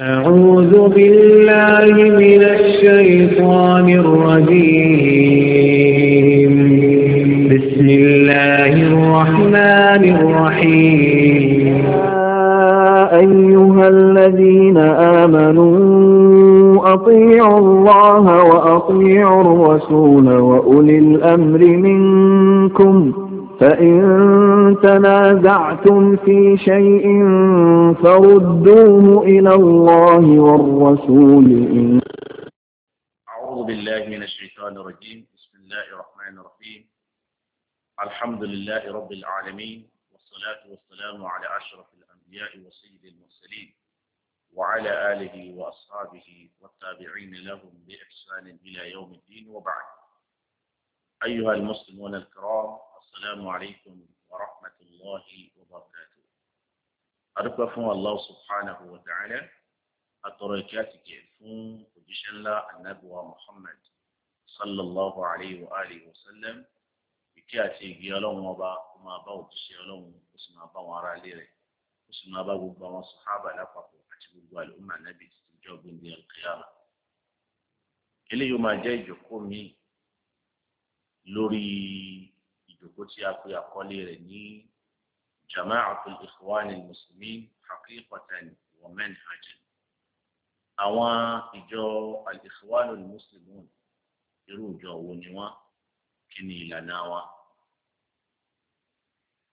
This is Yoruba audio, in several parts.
أعوذ بالله من الشيطان الرجيم بسم الله الرحمن الرحيم يا أيها الذين آمنوا أطيعوا الله وأطيعوا الرسول وأولي الأمر منكم فإن تنازعتم في شيء فردوه إلى الله والرسول إن أعوذ بالله من الشيطان الرجيم بسم الله الرحمن الرحيم الحمد لله رب العالمين والصلاة والسلام على أشرف الأنبياء وسيد المرسلين وعلى آله وأصحابه والتابعين لهم بإحسان إلى يوم الدين وبعد أيها المسلمون الكرام السلام عليكم ورحمة الله وبركاته أدوك فون الله سبحانه وتعالى أتركاتك فون وجشن لا النبوة محمد صلى الله عليه وآله وسلم ìkí àti ìgbé ọlọ́run ọba kó máa bá òjíṣẹ́ ọlọ́run ó sì máa bá wọn ará ilé rẹ̀ ó sì máa bá gbogbo àwọn sàhábà lápapọ̀ àti gbogbo àlùmọ́ ànábì títí jọ́ gbẹ̀ndé alkiyama. eléyìí ó máa jẹ́ ìjókòó mi lórí ìjòkó tí a fi àkọlé rẹ̀ ní Jama'atul Ikhwanil Muslimin haqiqatan wa manhajan àwọn ìjọ Al-Ikhwanul Muslimun irú ìjọ wo ni wọ́n kí ni ìlànà wa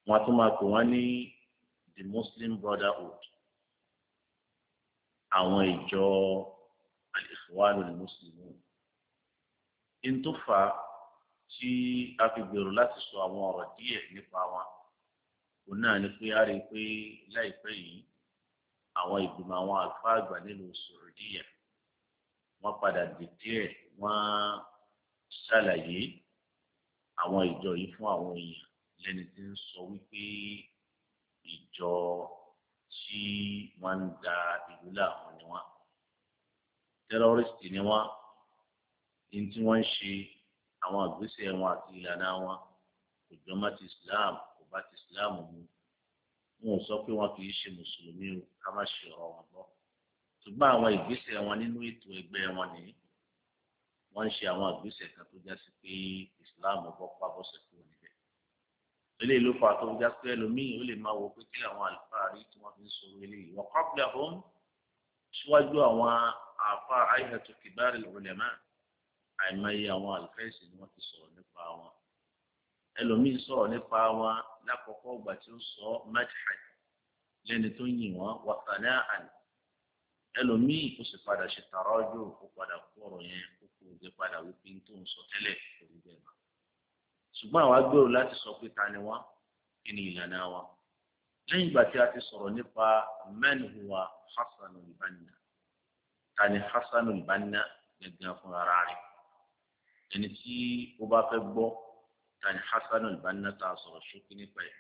wọ́n tún máa pè wọ́n ní the Muslim Brotherhood àwọn ìjọ Al-Ikhwanul Muslimun ń tí a fi gbèrò láti sọ àwọn ọ̀rọ̀ díẹ̀ nípa wọn òun náà ni pé a rí i pé láìpẹ́ yìí àwọn ìgbìmọ̀ àwọn àlùfáà àgbà nílùú sòròdíyà wọ́n padà dé díẹ̀ wọ́n ṣàlàyé àwọn ìjọ yìí fún àwọn èèyàn lẹ́ni tí ń sọ wípé ìjọ tí wọ́n ń da ìlú làwọn ni wọ́n tẹ́rọ́rìsì ni wọ́n ní tí wọ́n ń ṣe àwọn àgbésẹ̀ wọn àti ìlànà wọn kò jọmọ ti islam kò bá ti islam mu wọn ò sọ pé wọn kì í ṣe mùsùlùmí o ká má ṣe ọ̀rọ̀ wọn gbọ́ ṣùgbọ́n àwọn ìgbésẹ̀ wọn nínú ètò ẹgbẹ́ wọn nìyí wọ́n ń ṣe àwọn àgbésẹ̀ kan tó já sí pé islam bọ́ pábọ́sẹ̀ kúrò níbẹ̀ eléyìí ló fà tó já pé ẹlòmíì ó lè máa wo pé kí àwọn àlùfáà rí tí wọ́n fi ń sọ̀rọ̀ eléyìí wọ́n kọ́ síwájú àwọn àfa àyẹ̀tò kìbárì ulama àìmọye àwọn àlùfẹ́ẹ̀sì ni wọ́n ti sọ̀rọ̀ nípa wọn ẹlòmíín sọ̀rọ̀ nípa wọn lákọ̀ọ́kọ́ ìgbà tí ó sọ madhaj lẹ́ni tó yìn wọ́n wàtàlẹ́ àná ẹlòmíín kò sì padà ṣe tààrà ọjọ́ kó padà kú ọ̀rọ̀ yẹn kó kó o gbé padà wípé tó ń sọ tẹ́lẹ̀ òun bẹ́ẹ̀ náà ṣùgbọ́n àwa gbèrò láti sọ pé ta ni wọ́n kí ni ìlànà wa lẹ́yìn ìgbà tí a ti sọ̀rọ̀ nípa man huwa hasanul ta ni hasanul banna gẹ́gẹ́ fún ara rẹ̀ ẹni tí ó bá fẹ́ gbọ́ tani hasan al-banna ta sọ̀rọ̀ ṣókí nípa ẹ̀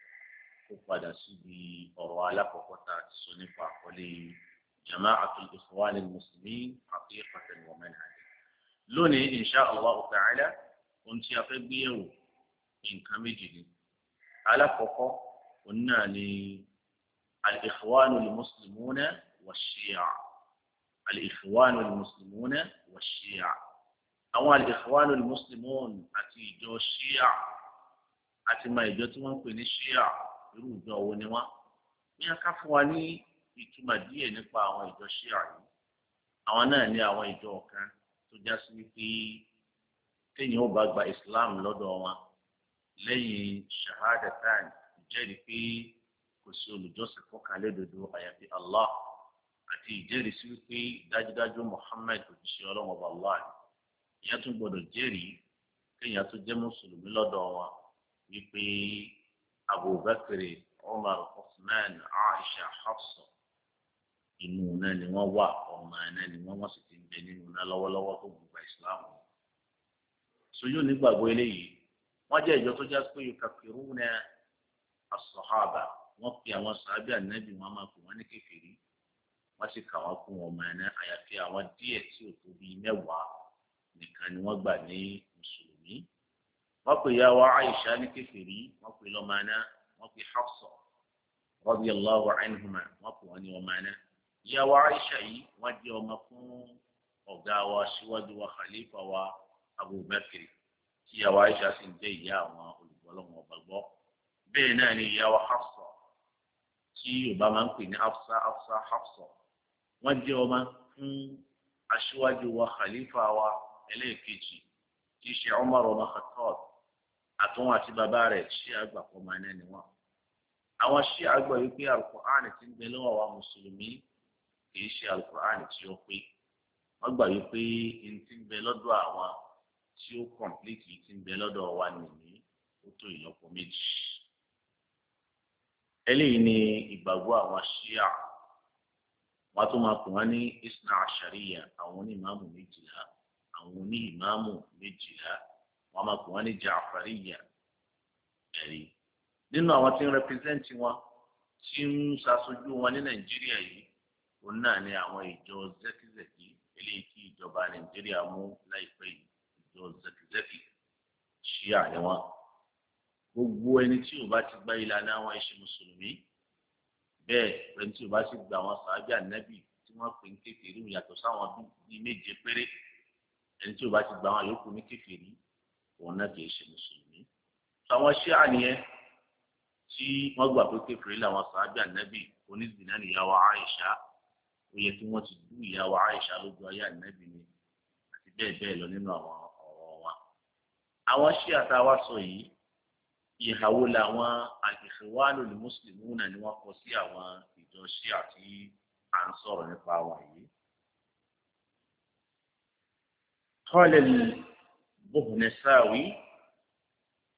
kó padà síbi ọ̀rọ̀ alákọ̀ọ́kọ́ tá a ti sọ nípa àkọlé jama'atul ikhwan al-muslimin haqiqatan wa manhaj lónìí insha allah ta'ala ohun tí a fẹ́ gbéyẹ̀wò nǹkan méjì ni alákọ̀ọ́kọ́ òun náà ni al-ikhwan al-muslimuna wa shi'a al-ikhwan al-muslimuna àwọn al-Ikhwan al-Muslimun àti ìjọ ṣíà àti ma ìjọ tí wọ́n ń pè ní ṣíà irú ìjọ wo ni wọ́n ní aká fún wa ní ìtumọ̀ díẹ̀ nípa àwọn ìjọ ṣíà yìí àwọn náà ní àwọn ìjọ kan tó já sí wípé téèyàn ó bá gba Islam lọ́dọ̀ wọn lẹ́yìn shahadatan ìjẹ́rìí pé kò sí olùjọ́sìn fọ́kàn lédodo àyàfi Allah àti ìjẹ́rìí sí wípé dájúdájú Muhammad òjíṣẹ́ ọlọ́mọba Allah yìí. ìyẹn tún gbọdọ̀ jẹ́rìí kéèyàn tún jẹ́ mùsùlùmí lọ́dọ̀ wọn wípé Abubakar Umar Usman Aisha Hafsa inú náà ni wọ́n wà ọmọ náà ni wọ́n wọ́n sì ti ń bẹ nínú náà tó gbogbo Islam sojú nígbàgbọ́ eléyìí wọ́n jẹ́ ìjọ tó já pé àwọn sàábì ànábì wọn máa pè ní sì kà wọn náà nìkan ni wọ́n gbà ní mùsùlùmí wọ́n pè ya wa Aisha ní kèfèrí wọ́n pè lọ́mọ́ná wọ́n pè Hafsa radiyallahu anhuma wọ́n pè wọ́n ní ọmọ́ná ya wa Aisha yìí wọ́n jẹ́ ọmọ fún ọ̀gá wa síwájú wa khalifa wa Abubakar tí ya wa Aisha sì ń jẹ́ ìyá àwọn olùgbọ́lọ́wọ́ gbàgbọ́ bẹ́ẹ̀ náà ni ya wa Hafsa tí yorùbá máa ń pè ní afsa afsa hafsa wọn jẹ ọmọ fún aṣíwájú wa khalifa wa ẹlẹ́ẹ̀kejì tí í ṣe Umar ọba Khattab àtúnwò àti bàbá rẹ̀ ṣí àgbà kan máa náà níwọ̀n. àwọn ṣí àgbà yìí pé alukur'an ti ń bẹ lọ́wọ́ àwọn mùsùlùmí kì í ṣe alukur'an tí ó pé wọ́n gbà yìí pé n ti ń bẹ ti ń lọ́dọ̀ wa ni ìgbàgbọ́ àwọn ṣíà máa pè wọ́n ní àwọn àwọn oní ìmáàmù méjìlá wọn máa pè wọn ní jaafariya ẹ̀rí nínú àwọn tí ń rẹpẹsẹ́ǹtì wọn tí ń ṣaṣojú wọn ní nàìjíríà yìí òun náà ni àwọn ìjọ zẹkizẹki eléyìí tí ìjọba nàìjíríà mú láìpẹ́ yìí ìjọ zẹkizẹki ṣíà ni wọn gbogbo ẹni tí ó bá ti gba ìlànà àwọn ẹṣin mùsùlùmí bẹ́ẹ̀ ẹni tí ó bá sì gba àwọn sàájà nẹbì tí wọn pè ń kékeré yàtọ̀ sáwọn bíi méje péré ẹni tí o bá ti gba àwọn yòókù ní kèfèrí òun náà kì í ṣe mùsùlùmí àwọn ṣé àníyẹn tí wọ́n gbà pé kèfèrí làwọn sàábì ànábì onídìínà níyàwó Àìṣà ó yẹ kí wọ́n ti dú ìyàwó Àìṣà lójú ayé ànábì ni àti bẹ́ẹ̀ bẹ́ẹ̀ lọ nínú àwọn ọ̀rọ̀ wa àwọn ṣé àtàwá sọ yìí ìhàwó làwọn àgbẹ̀fẹ̀wálò ní mùsùlùmí náà ni wọ́n kọ sí àwọn ìjọ ṣé àti à ń sọ̀rọ̀ nípa wọn yìí قال البهنساوي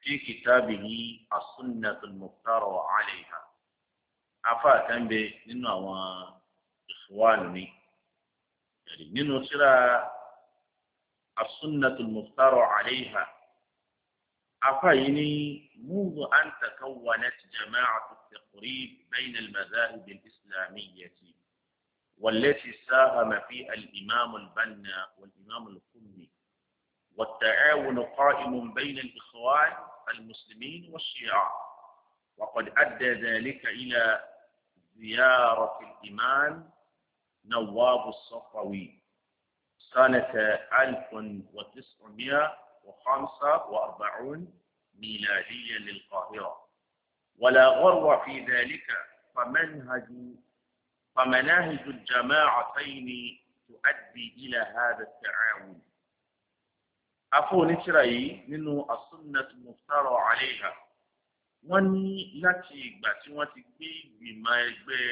في كتابه السنة المختارة عليها afa kan be nínú يعني ikhwan ni السنة المختارة عليها tírà منذ أن تكونت جماعة التقريب بين المذاهب الإسلامية والتي ساهم فيها الإمام البنا والإمام القمي والتعاون قائم بين الإخوان المسلمين والشيعة وقد أدى ذلك إلى زيارة الإمام نواب الصفوي سنة 1945 ميلاديا للقاهرة ولا غرو في ذلك فمنهج فمناهج الجماعتين تؤدي إلى هذا التعاون أفو نتري منه السنة المفترى عليها wọ́n ní láti ìgbà tí wọ́n ti gbé ìgbìmọ̀ ẹgbẹ́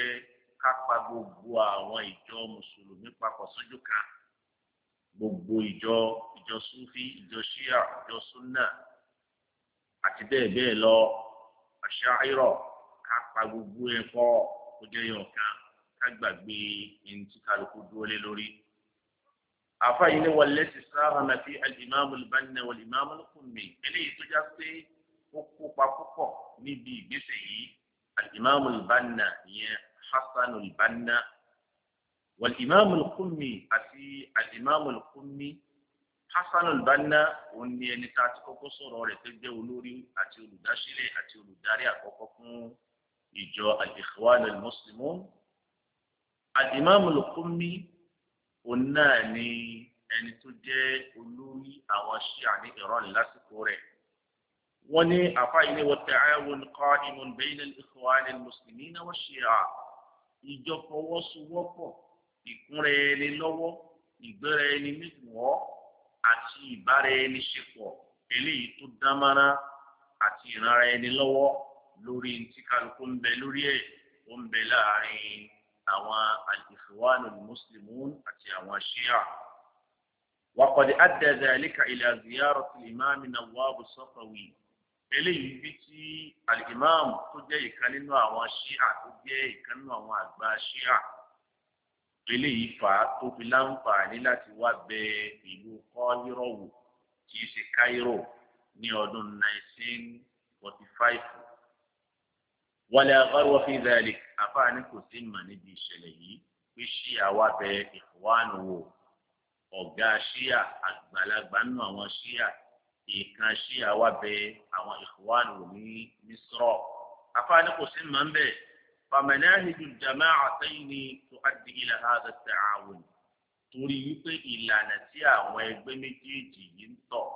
kápá gbogbo àwọn ìjọ mùsùlùmí papọ̀ sójú kan gbogbo ìjọ ìjọ sufi ìjọ shia ìjọ sunna àti bẹ́ẹ̀ bẹ́ẹ̀ lọ àṣà irọ́ kápá gbogbo ẹ̀kọ́ kó jẹ́ yọ̀ọ̀kan ká gbàgbé ẹni tí kálukú dúró lé lórí. àfa yìí ni wọlé ti sáà náà fi alìmáàmù ìbánilẹ̀ wọlé ìmáàmù kùnmí eléyìí tó já pé ó kópa púpọ̀ níbi ìgbésẹ̀ yìí alìmáàmù ìbánilẹ̀ ìyẹn hasan ìbánilẹ̀ wọlé ìmáàmù kùnmí àti alìmáàmù kùnmí hasan ìbánilẹ̀ òun ni ẹni tá ti kọ́kọ́ sọ̀rọ̀ rẹ̀ tó jẹ́ olórí àti olùdásílẹ̀ àti olùdarí àkọ́kọ́ fún ìjọ al-Ikhwan àdìmọ́mù lùkúmí òun náà ni ẹni tó jẹ́ olórí àwọn ṣíà ní Iran lásìkò rẹ̀ wọ́n ní àfáyé ní wọ́n ta'awun qa'imun bayna al-ikhwan al-muslimin wa ṣíà ìjọ fọwọ́sowọ́pọ̀ ìkúnra ẹni lọ́wọ́ ìgbéra ẹni níwọ̀ àti ìbára ẹni ṣepọ̀ eléyìí tó dámára àti ìranra ẹni lọ́wọ́ lórí ntí kálukú ń bẹ lórí ẹ̀ ó ń bẹ láàrin àwọn al-Ikhwanul Muslimun àti àwọn ṣíà. وقد أدى ذلك إلى زيارة الإمام نواب الصفوي eléyìí bí tí alimami tó jẹ́ ìkan nínú àwọn ṣíà tó jẹ́ ìkan nínú àwọn àgbà ṣíà eléyìí fà á tó fi láǹfààní láti wá bẹ ìlú kọ́yírọ̀ wò í ṣe káírò ní ọdún 1945 wala gharwa fi dhalik àfáà ní kò sí ìmọ̀ níbi ìṣẹ̀lẹ̀ yìí pé ṣíà wá bẹ ìfọwọ́nù wò ọ̀gá ṣíà àgbàlagbà nù àwọn ṣíà ìkan ṣíà wá àwọn ìfọwọ́nù wò ní mísírọ̀ àfáà ní kò sí ìmọ̀ ń bẹ̀ فمناهج الجماعتين تؤدي إلى هذا التعاون torí wípé ìlànà tí àwọn ẹgbẹ́ méjèèjì yìí ń tọ̀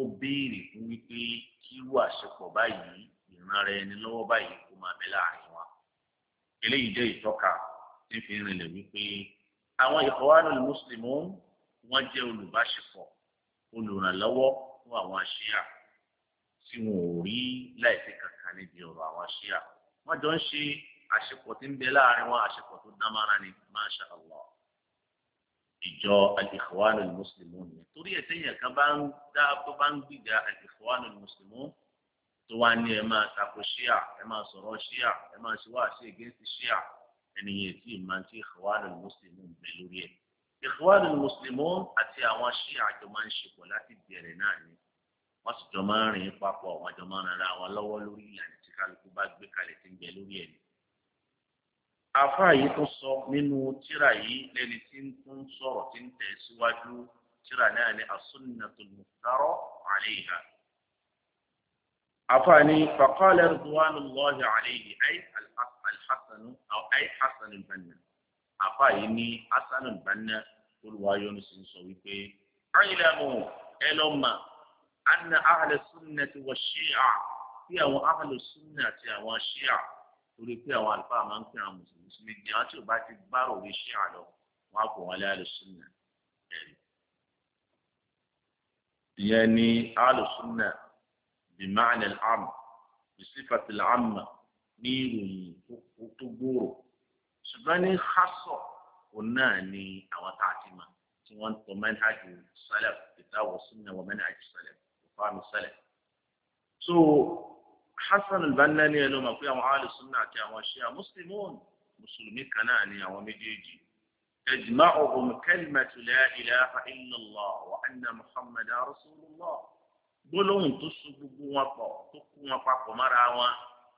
ó béèrè fún wípé kírú àṣepọ̀ báyìí ìran rẹ̀ ni lọ́wọ́ báyìí kó máa bẹ láàrin eléyìí jẹ́ ìtọ́ka tí fi rinlẹ̀ wípé àwọn Ikhwanul Muslimun wọ́n jẹ́ olùbáṣepọ̀ olùrànlọ́wọ́ fún àwọn aṣíà tí wọn ò rí láìsí kankan níbi ọ̀rọ̀ àwọn aṣíà wọ́n jọ ń ṣe àṣepọ̀ tí ń bẹ láàrin wọn àṣepọ̀ tó dámára ni masha allah ìjọ al-Ikhwanul torí ẹ̀ tẹ́yìn kan bá ń gbìjà al-Ikhwanul tó wá ní ẹ máa tako ṣíà ẹ máa sọ̀rọ̀ ṣíà ẹ máa ṣe wáàsí ègéǹsì ṣíà ẹnìyẹn tí ìmọ̀ tí Ikhwanul Muslimun ń bẹ lórí ẹ̀. Ikhwanul Muslimun àti àwọn ṣíà jọ máa ń ṣepọ̀ láti bẹ̀rẹ̀ náà ni wọ́n sì jọ máa ń rìn papọ̀ wọ́n jọ máa ń ra wọn lọ́wọ́ lórí ìlànà tí kálukú bá gbé kalẹ̀ tí ń bẹ lórí ẹ̀ ni. àfáà yìí tó sọ nínú tíra yìí lẹ́ni tí ń tún sọ̀rọ̀ tí ń tẹ̀ tíra náà ni عفاني فقال رضوان الله عليه أي الحسن أو أي حسن البنا عفاني حسن البنا قل ويونس صويبي اعلموا إلما أن أهل السنة والشيعة في أهل السنة والشيعة torí pé àwọn àlùfáà máa ń pè àwọn mùsùlùmí ní àwọn tí ò bá ti gbárò orí ṣé àlọ wọn á kó wọn lé àlùsùnà ẹrí ìyẹn ni àlùsùnà بمعنى العام بصفة العامة نيرو وطبور سباني خاصة وناني أو تعتمة سوان ومنهج السلف كتاب السنة ومنهج السلف وفام السلف سو حسن البناني اللي ما فيها معال السنة يا وشيا مسلمون مسلمين كناني أو مديجي تجمعهم كلمة لا إله إلا الله وأن محمد رسول الله gbólóhùn tó so gbogbo wọn pọ̀ tó kó wọn papọ̀ mára wọn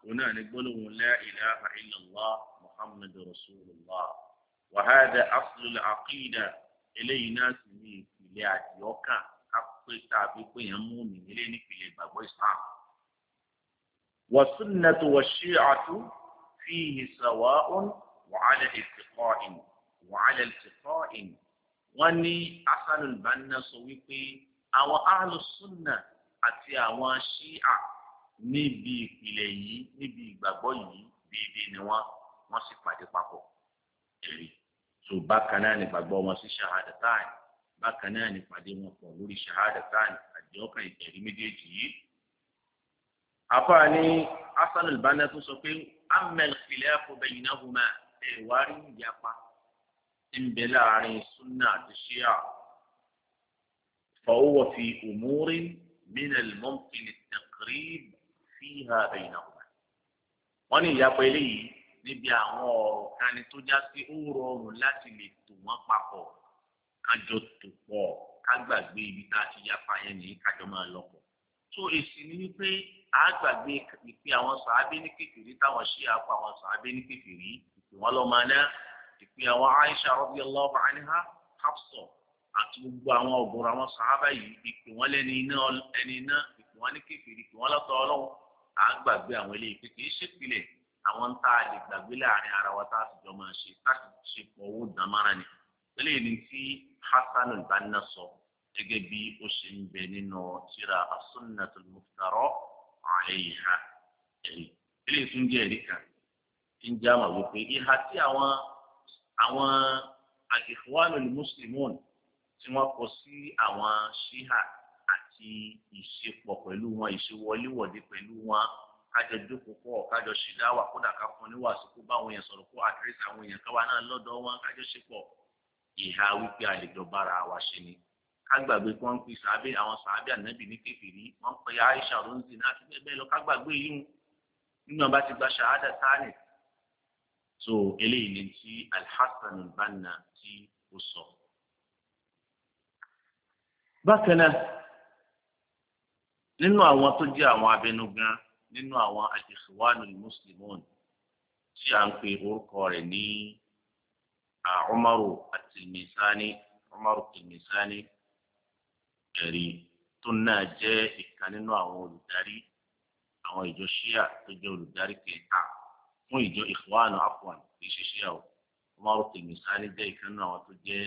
òun náà ni gbólóhùn la ilaha illallah muhammadu rasulillah wa hada aslul aqida eléyìí náà sì ní ìpìlẹ̀ àdìọ́kàn kápẹ́ tàbí pé yẹn mú mi nílé nípìlẹ̀ ìgbàgbọ́ islam. wa sunnatu wa shi'atu fihi sawa'un wa 'ala ittiqa'in wa 'ala ittiqa'in wọ́n ní asanul banna sọ wípé àwọn ahlus àti àwọn ṣíà níbi ìpìlẹ̀ yìí níbi ìgbàgbọ́ yìí déédéé ni wọ́n wọ́n sì pàdé papọ̀ èrè tó bákan náà ní gbàgbọ́ wọn sí ṣahada táàní bákan náà ní pàdé wọn pọ̀ lórí ṣahada táàní àjọkàn ìtẹ̀rí méjèèjì yìí. afa ni hasan al sọ pé amel khilafu baynahuma ẹ̀wárí ìyapa ń láàrin sunna àti ṣíà fa fi umurin. من الممكن التقريب فيها بينهما wọ́n ní ìyapa eléyìí níbi àwọn ọ̀rọ̀ kan tó já sí ó rọrùn láti lè tò wọ́n papọ̀ kájọ tò pọ̀ ká gbàgbé ibi tá a ti yapa yẹn ní kájọ máa lọ pọ̀. tó èsì ni wípé a gbàgbé ìpè àwọn sàábé ní kékeré táwọn ṣí apá àwọn sàábé ní kékeré ìpè wọn lọ́mọ náà ìpè àwọn Aisha radiyallahu anha Hafsa àti gbogbo àwọn ọ̀gọ̀rọ̀ àwọn sàhábà yìí ìpè wọ́n lẹ́ni iná ẹni iná ìpè wọ́n ní kékeré ìpè wọ́n lọ́tọ̀ ọlọ́run à ń gbàgbé àwọn eléyìí pé kìí ṣèpìlẹ̀ àwọn tá a lè gbàgbé láàrin ara wa tá a sì jọ máa ṣe tá a sì ṣe pọ̀ owó dámára ni eléyìí ni tí Hasan al sọ gẹ́gẹ́ bí ó ṣe ń bẹ nínú tírà as-sunnatul muftara alayha eléyìí tún jẹ́ ẹ̀rí kan ń já wípé ìhà tí àwọn àwọn al-ikhwanul muslimun tí wọ́n kọ sí àwọn ṣíhà àti ìṣepọ̀ pẹ̀lú wọn ìṣewọléwọ̀de pẹ̀lú wọn kájọ jókòó pọ̀ kájọ ṣèdáwà kódà ká fún ní wàásù kó báwọn yẹn sọ̀rọ̀ kó àdírẹ́sì àwọn èèyàn káwa náà lọ́dọ̀ wọn kájọ ṣe pọ̀ ìhà wípé àlejò bára wa ṣe ni kágbàgbé kí wọ́n ń pè sàábé àwọn sàábé ànábì ní kékeré wọ́n ń pè Aisha ronzi náà àti bẹ́ẹ̀ bẹ́ẹ̀ lọ kágbàgbé yìí nínú ọba ti gba ṣahada sáàlì so eléyìí ni ti Al-Hasan al-Banna ti ó sọ bákan náà nínú àwọn tó jẹ́ àwọn abẹnugan nínú àwọn al-Ikhwanul Muslimun tí a ń pe orúkọ rẹ̀ ní Umaru at-Tilmisani Umaru at-Tilmisani ẹ̀rí tó náà jẹ́ ìkan nínú àwọn olùdarí àwọn ìjọ ṣíà tó jẹ́ olùdarí kẹta fún ìjọ Ikhwanu afwan kì í ṣe ṣíà o Umaru at-Tilmisani jẹ́ ìkan nínú àwọn tó jẹ́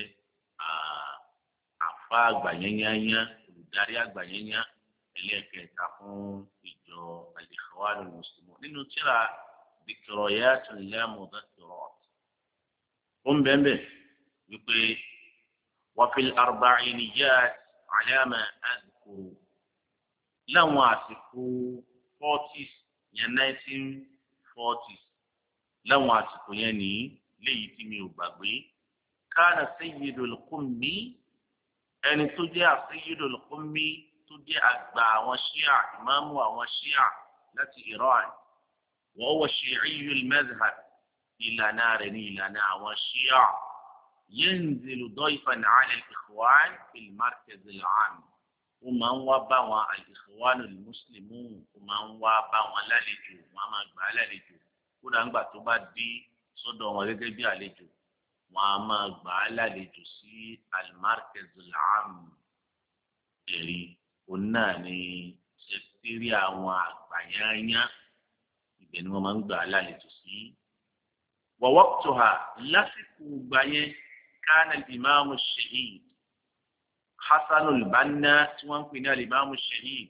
àà àfa àgbà yányányá olùdarí àgbà yányá ẹlẹ́ẹ̀kẹta fún ìjọ al-Ikhwan al-Muslimun nínú tíra Dhikrayatun la Mudhakkarat ó ń bẹ́ẹ̀ bẹ́ẹ̀ wípé wa fil arba'iniyat ala ma adhkur láwọn àsìkò forties yẹn nineteen forties láwọn àsìkò yẹn nìyí léyìí tí mi ò gbàgbé kana sayyidul qummi ẹni tó jẹ́ àṣeyídò lọ́kùnmí tó jẹ́ àgbà àwọn ṣíà ìmáàmù àwọn ṣíà láti Iran wọ́n wọ ṣèyíyù mẹ́zhàb ìlànà rẹ̀ ní ìlànà àwọn ṣíà yẹ́nzìlú dọ́ìfà nàálẹ̀ ìkọ̀wán ìlmárkẹ́zì làánù ó máa ń wá bá wọn àlìkọ́wánù mùsùlùmí ó máa ń wá bá wọn lálejò wọn máa gbà á lálejò kódà ńgbà tó bá dé sọ́dọ̀ wọn gẹ́gẹ́ bí àlejò wọn a máa gbà á lálejò sí almarkez al'am èrì òun náà ni sẹkítírì àwọn àgbàyányá ibẹ̀ ni wọ́n máa ń gbà á lálejò sí. wọ́wọ́pútù ha lásìkò gbà yẹn kánà ìmáàmù shahid hasan al tí wọ́n ń pè ní al-imáàmù shahid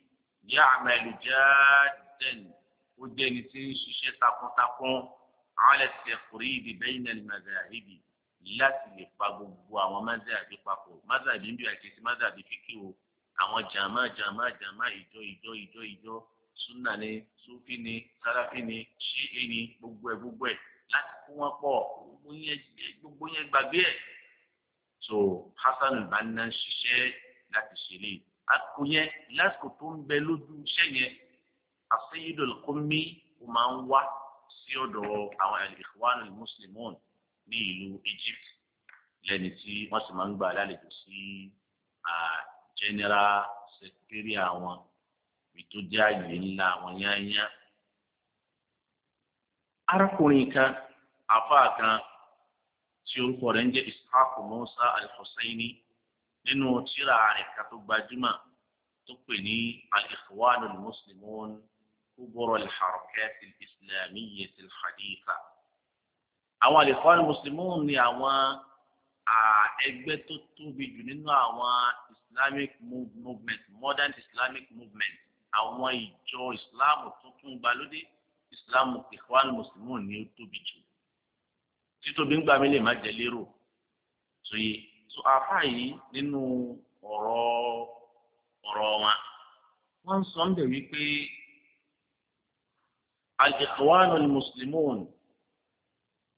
ya'malu jaddan ó jẹ́ ẹni tí ń ṣiṣẹ́ takuntakun ala at-taqrib bayna al-madhahibi. láti lè pa gbogbo àwọn mádàbí papọ̀ mádàbí ń bí àkẹ́sí mádàbí fíkì o àwọn jàmá jàmá jàmá ìjọ ìjọ ìjọ ìjọ súnà ni súfì ni sáláfì ni ṣíì ni gbogbo ẹ gbogbo ẹ láti kó wọn pọ̀ gbogbo yẹn gbàgbé ẹ so Hasan banna ń ṣiṣẹ́ láti ṣe àkó yẹn lásìkò tó ń bẹ lójú iṣẹ́ yẹn àṣeyídọ̀lùkọ́ mi ó máa ń wá sí ọ̀dọ̀ àwọn al-Ikhwan al ní ìlú Egypt lẹ́ni tí wọ́n sì máa ń gbà lálejò sí general secretary àwọn ètò jẹ́ àyè ńlá àwọn yányá. arákùnrin kan àfáà kan tí orúkọ rẹ̀ ń jẹ́ Ishaq Musa al-Husayni nínú tírà rẹ̀ tó gbajúmọ̀ tó pè ní al Muslimun kubur al-harakat al-islamiyyah àwọn àlèkọ́ni mùsùlùmí ni àwọn ẹgbẹ́ tó tóbi jù nínú àwọn islamic movement modern islamic movement àwọn ìjọ islam tuntun gbàlódé islam ikhwan muslimun ni ó tóbi jù títóbi ń gbà mí lè má jẹ lérò tóye tó afá yìí nínú ọ̀rọ̀ ọ̀rọ̀ wọn wọ́n sọ ń bẹ̀ wípé al ikhwanul muslimun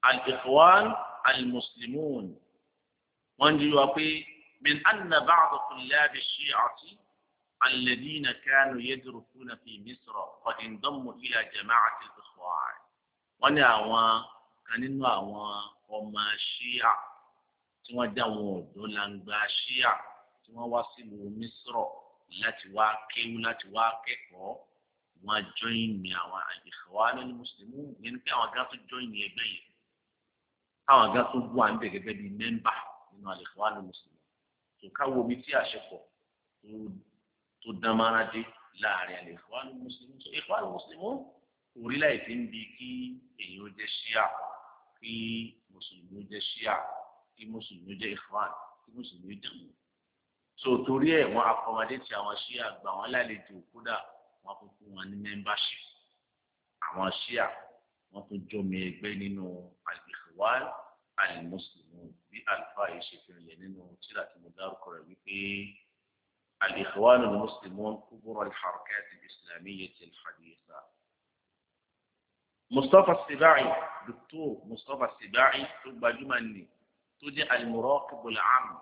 al-ikhwan al-muslimun wọ́n jí wa pé min anna ba'da tullab ash-shi'ati alladhina kanu yadrusuna fi misr qad indammu ila jama'ati al-ikhwan wọ́n ní àwọn kan nínú àwọn ọmọ ṣíà tí wọ́n dá àwọn ọ̀dọ́ langba ṣíà tí wọ́n wá sílùú mísírọ̀ láti wá kéwú láti wá kẹ́kọ̀ọ́ wọ́n jọyìn ní àwọn àjẹsọ̀wá nínú mùsùlùmí yẹn pé àwọn gán tó jọyìn ní ẹgbẹ́ yẹn káwọn gan tó bú à ń bẹ̀ gẹ́gẹ́ bíi mẹ́mbà nínú al-Ikhwan al-Muslimin tó káwọ omi tí àṣepọ̀ tó dán mara dé láàrin al-Ikhwan al-Muslimin tó Ikhwan al-Muslimin orílẹ̀ èdè ń bi kí èyàn jẹ́ ṣíà kí mùsùlùmí jẹ́ ṣíà kí mùsùlùmí jẹ́ Ikhwan kí mùsùlùmí jẹ́ mùsùlùmí so torí ẹ wọn akọmọdé tí àwọn ṣíà gbà wọn lálejò kódà wọn kún wọn ní mẹmbàṣì àwọn ṣíà wọn tún jọmọ ẹgbẹ́ nínú الاخوان المسلمون في شكل لأنه تلا كمدار كرمي الإخوان المسلمون كبر الحركات الإسلامية الحديثة مصطفى السباعي دكتور مصطفى السباعي ثم جمالي تجع المراقب العام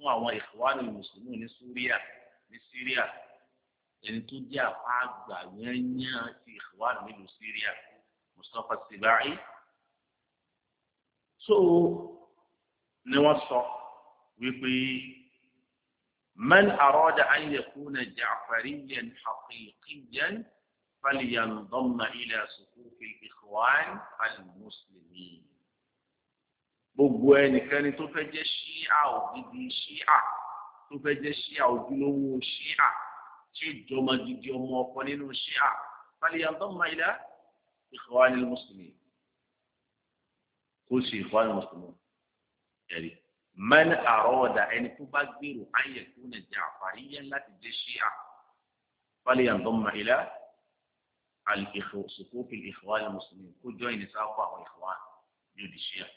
هو هو إخوان المسلمون في سوريا في سوريا إن تجع أعزى ينيا في إخوان من سوريا مصطفى السباعي so ni wọ́n sọ wípé man arada an yakuna ja'fariyan haqiqiyan falyanḍamma ila sufufi al-ikhwan al-muslimin gbogbo ẹnikẹ́ni tó fẹ́ jẹ́ ṣíà ògidì ṣíà tó fẹ́ jẹ́ ṣíà ojúlówó ṣíà tí ìjọba gidi ọmọ ọkọ nínú ṣíà falyanḍamma ila ikhwan al-muslimin قل شيء إخوان المسلمون يعني من أراد أن تبكر أن يكون جعفريا لا تجد الشيعة فلينضم إلى صفوف الإخوان المسلمين قل جوين سافا وإخوان يجد الشيعة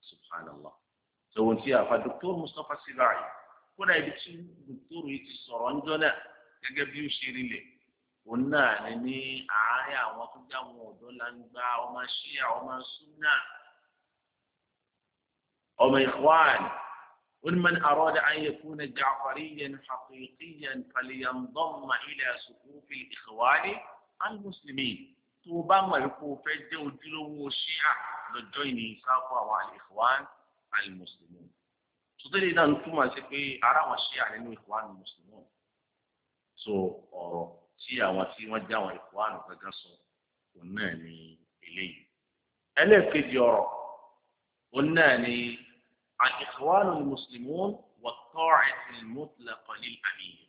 سبحان الله سوى فيها فالدكتور مصطفى السباعي كنا يبتشين دكتور يتصرون جونا يجبيو شيرين لي wọnà ní ní àárẹ àwọn tó jáwọ ọdọ làǹgbà ọmọ ṣíà ọmọ súnà ọmọ ikhwan onímọ̀ni àròdà ayẹkùn jàfàríyàn haqiqiyan falyanḍamma ila sufufi ikhwani al-muslimin tó o bá mọ̀ wípé o fẹ́ jẹ́ ojúlówó ṣíà lọ́jọ́ ìnìyàn sáfù àwọn al-ikhwan al náà túmọ̀ sí pé ara wọn ṣíà nínú ikhwan al so ọ̀rọ̀ tí àwọn tí wọ́n já àwọn ikhwan gángan sọ òun náà ní eléyìí ẹlẹ́ẹ̀kejì ọ̀rọ̀ òun náà ní. الإخوان المسلمون والطاعة المطلقة للأمير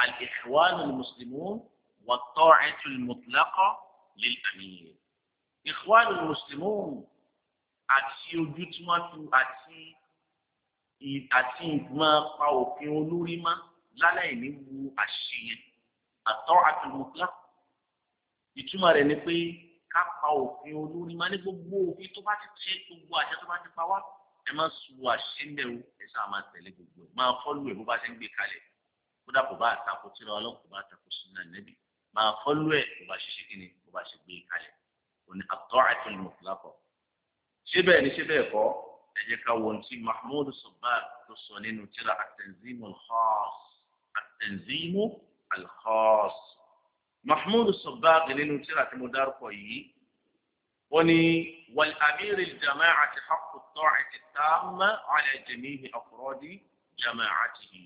الإخوان المسلمون والطاعة المطلقة للأمير إخوان المسلمون àti ojú tí wọ́n tu àti àti ìgbọ́n pa òfin olórí má lálẹ́ ìní wu àṣeyẹ àtọ́ àtúntà ìtumọ̀ rẹ̀ ni pé ká pa òfin olórí má ní gbogbo òfin tó bá ti tẹ gbogbo àṣẹ tó bá ti pa wá ẹ má su àṣìlẹ̀ o ẹ sáà máa tẹ̀lé gbogbo ẹ máa fọ́lù ẹ bó bá ṣe ń gbé kalẹ̀ kódà kò bá àtakò tíra ọlọ́run kò bá àtakò sunna nẹ́bí máa fọ́lù ẹ bó bá ṣe ṣe kíni bó bá ṣe gbé kalẹ̀ òní àtọ́ àti mọ̀kúlápọ̀ ṣé bẹ́ẹ̀ ni ṣé bẹ́ẹ̀ kọ́ ẹ jẹ́ ká wọ́n ti Mahmoud Sabbagh tó sọ nínú tíra at-Tanzim al-Khass wọ́n ní wal amiri jama'ati haqqu ta'ati tamma ala jami'i afradi jama'atihi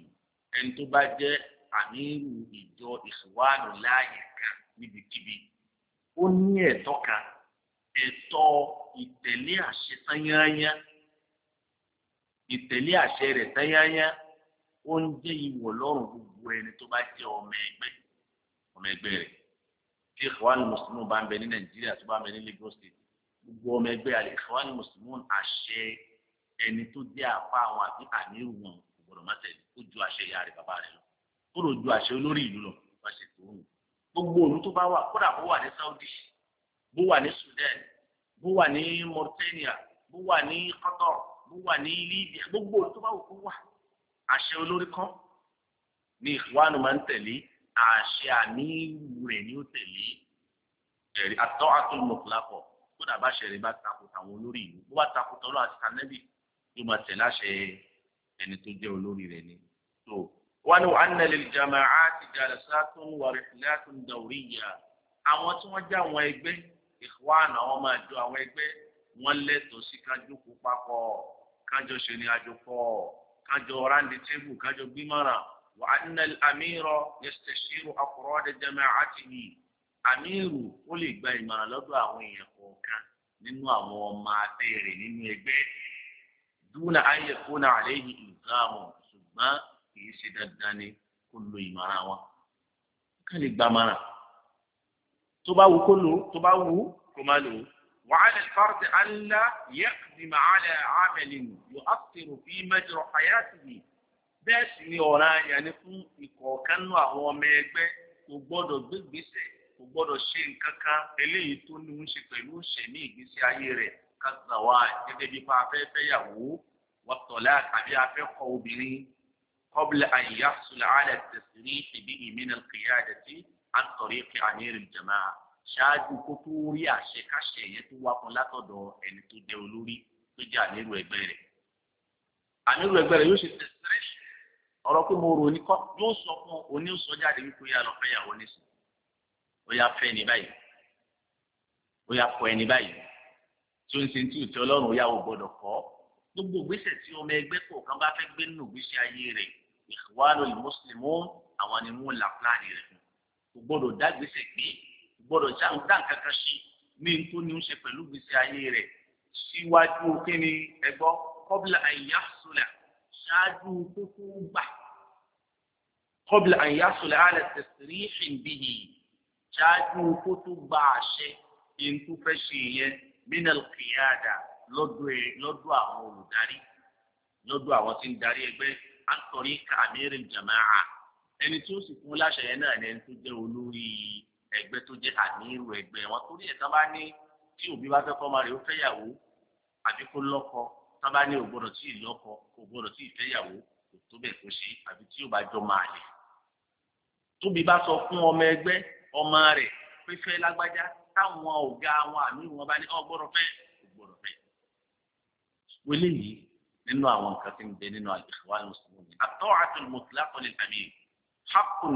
ẹni tó bá jẹ́ àmírù ìjọ ìṣòwánù láàyè kan níbikíbi ó ní ẹ̀tọ́ kan ẹ̀tọ́ ìtẹ̀lé àṣẹ tányányá ìtẹ̀lé àṣẹ rẹ̀ tányányá ó ń jẹ́ ìwọ̀ gbogbo ẹni tó ọmọ ẹgbẹ́ ọmọ ẹgbẹ́ rẹ̀ tí ìkọ̀wánu mùsùlùmí bá ń bẹ ní nàìjíríà tó bá ń bẹ ní Lagos state gbogbo ọmọ ẹgbẹ́ àlè ìkọ̀wánu mùsùlùmí àṣẹ ẹni tó jẹ́ àpá àwọn àbí àmírù wọn kò gbọdọ̀ má tẹ̀lé ó ju àṣẹ ìyá rẹ̀ bàbá rẹ̀ lọ ó lò ju àṣẹ olórí ìlú lọ bá ṣe tó ń gbogbo òun tó bá wà kódà bó wà ní Saudi bó wà ní Sudan bó wà ní Mauritania bó wà ní Qatar bó wà ní Libya gbogbo òun tó bá wù kó wà àṣẹ olórí kan ní ìkọ̀wánu máa ń tẹ̀lé àṣẹ àníwù rẹ̀ ni ó tẹ̀lé ẹ̀rí atọ́ àtúnmọ̀kúlápọ̀ kódà bá ṣẹ̀rí bá takùtà àwọn olórí ìlú bó bá takùtà ọlọ́ àti kanẹ́bì yóò máa tẹ̀lé àṣẹ ẹni tó jẹ́ olórí rẹ̀ ni. tó wọn ni wọn nà lè jàmà á ti jàdà sátún wàrìfìlátún dàwúrí yá àwọn tí wọ́n já àwọn ẹgbẹ́ ìwáàna wọn máa jọ àwọn ẹgbẹ́ wọn lẹ́tọ̀ọ́ sí kájọ papọ̀ kájọ ṣe àjọpọ̀ kájọ rándí tébù kájọ gbímọ̀ràn وأن الأمير يستشير أفراد جماعته أمير قل بما لدى وين يقوكا nínú àwọn ọmọ abẹ́rẹ́ nínú ẹgbẹ́ dúnà ayé kúnà àléyìn ìgbàmọ̀ ṣùgbọ́n kì í ṣe dandan ni kó lo ìmọ̀ràn wọn. ká lè gba mara tó bá wù kó lò tó bá wù kó má lò. وعلى الفرد ألا يقدم على عمل يؤثر في مجرى حياته bẹ́ẹ̀ sì ni ọ̀ràn àyà ni fún ìkọ̀ọ̀kánú àwọn ọmọ ẹgbẹ́ kò gbọ́dọ̀ gbégbèsè kò gbọ́dọ̀ ṣe nǹkan kan eléyìí tó ní ń ṣe pẹ̀lú ìṣẹ̀mí ìgbésí ayé rẹ̀ kàtàwá gẹ́gẹ́ bí pa afẹ́fẹ́ yàwó wọ́tọ̀lá àbí afẹ́kọ̀ obìnrin kọ́bílẹ̀ àyíyá sùlẹ̀ àlẹ́ tẹ̀sírí ìbí ìmínà kìyà àdẹ̀tí àtọ̀rí kí àmírí jama ṣáájú kó rí àṣekáṣe yẹn tó wá kan látọ̀dọ̀ ẹni tó jẹ́ olórí tó jẹ́ àmírù ẹgbẹ́ rẹ̀ àmírù ẹgbẹ́ rẹ̀ yóò ṣe tẹ̀sí ọ̀rọ̀ pé mo rò ní kọ́ yóò sọ fún oníṣọ́jáde wípé yà lọ fẹ́yàwó nísìn ó yà fẹ́ ní báyìí ó yà kọ ẹni báyìí tí ó ń ṣe tí ò tí ọlọ́run ó yà ó gbọ́dọ̀ kọ́ gbogbo ìgbésẹ̀ tí ọmọ ẹgbẹ́ kọ̀ọ̀kan bá fẹ́ gbé nínú ìgbésí ayé rẹ̀ Ikhwanul Muslimun àwọn ni wọ́n là pláàni rẹ̀ fún kò gbọ́dọ̀ dá ìgbésẹ̀ gbé gbọ́dọ̀ dá nǹkan ṣe ní tó ní ń ṣe pẹ̀lú ìgbésí ayé rẹ̀ síwájú kí ni ẹgbọ́ kọ́bílà àyàsùlẹ̀ ṣáájú kúkú gbà kọ́bìlà àyàsọ̀lẹ̀ àlẹ́ tẹ̀sírí ìbíyì ṣáájú kó tó gba àṣẹ ní tó fẹ́ ṣe yẹn minal qiyada lọ́dọ̀ àwọn olùdarí lọ́dọ̀ àwọn tí ń darí ẹgbẹ́ àtọ̀rí kàmírì jàmáà ẹni tí ó sì fún láṣẹ yẹn náà ni ẹni tó jẹ́ olórí ẹgbẹ́ tó jẹ́ àmírù ẹgbẹ́ wọn torí ẹ̀ka bá ní tí òbí bá fẹ́ kọ́ ọmọ rẹ̀ ó fẹ́yàwó àbí kó lọ́kọ sábà ní ò gbọ́dọ̀ tí ì lọ́kọ kò gbọ́dọ̀ tí ì fẹ́yàwó kò tó bẹ́ẹ̀ kó ṣe àbí tí ò bá jọ máa lè. tóbi bá sọ fún ọmọ ẹgbẹ́ ọmọ rẹ̀ fífẹ́ lágbájá táwọn ọ̀gá àwọn àmì wọn bá ní ọ gbọ́dọ̀ fẹ́ kò fẹ́. wọlé yìí nínú àwọn nǹkan tí ń bẹ nínú al-ikhwan al-muslimin at-ta'atu al-mutlaqa lil-amir haqqun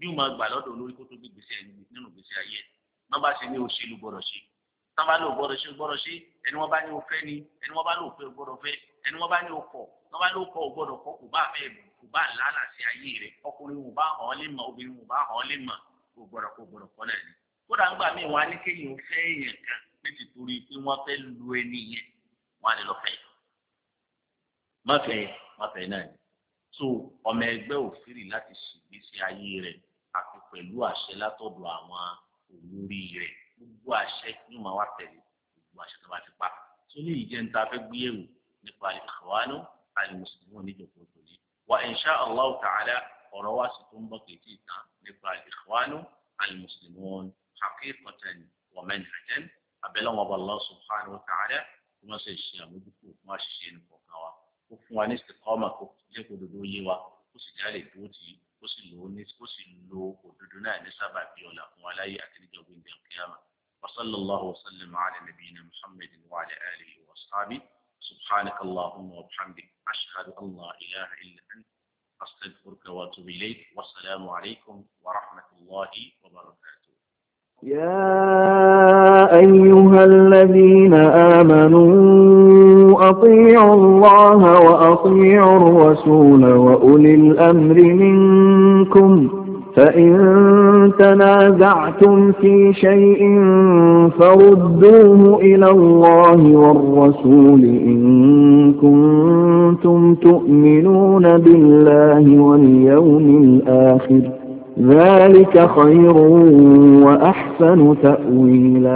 bí o máa gbà lọ́dọ̀ olórí kó tó bí gbèsè nínú gbèsè ayé ẹ̀ wọ́n bá ṣe ní òṣèlú gbọ́dọ̀ ṣe tán bá lò gbọ́dọ̀ ṣe gbọ́dọ̀ ṣe ẹni wọ́n bá ní o fẹ́ ni ẹni wọ́n bá lò fẹ́ gbọ́dọ̀ fẹ́ ẹni wọ́n bá ní o kọ̀ wọ́n bá lò kọ̀ gbọ́dọ̀ kọ̀ kò bá fẹ́ kò bá làálà sí ayé rẹ̀ ọkùnrin wò bá hàn ọ́ lè mọ̀ obìnrin wò bá hàn ọ́ lè mọ̀ kò gbọ́dọ̀ kò gbọ́dọ̀ kọ́ náà ni. kódà ń gbà mí so ọmọ ẹgbẹ́ òfìrí láti ṣègbésí ayé rẹ̀ pẹ̀lú àṣẹ látọ̀dọ̀ àwọn olórí rẹ̀ gbogbo àṣẹ ni màá wá tẹ̀lé gbogbo àṣẹ tó bá ti pa tó ní ìjẹunta fẹ́ gbé yẹ̀wò nípa ìkọ̀wánú àlùmùsùlùmí níjọba òtòlí wa insha Allah ta'ala ọ̀rọ̀ wa sì tó ń bọ̀ kéjì tán nípa ìkọ̀wánú àlùmùsùlùmí haqiqatan wa manhajan abẹ́lẹ́ wọn bá Allah subhanahu wa ta'ala kí wọ́n sì ṣe àmójúkú fún àṣìṣe nìkọ̀ọ̀kan wa ó fún wa ní ìsìnkọ́mà kó jẹ́ kó dodo yé wa ó sì já lè dúró ó sì lo náà ní sábà bí ọ̀la fún wa وصلى الله وسلم على نبينا محمد وعلى آله وأصحابه سبحانك اللهم وبحمدك أشهد أن لا إله إلا أنت أستغفرك وأتوب إليك والسلام عليكم ورحمة الله وبركاته يا أيها الذين آمنوا أطيعوا الله وأطيعوا الرسول وأولي الأمر من فإن تنازعتم في شيء فردوه إلى الله والرسول إن كنتم تؤمنون بالله واليوم الآخر ذلك خير وأحسن تأويلا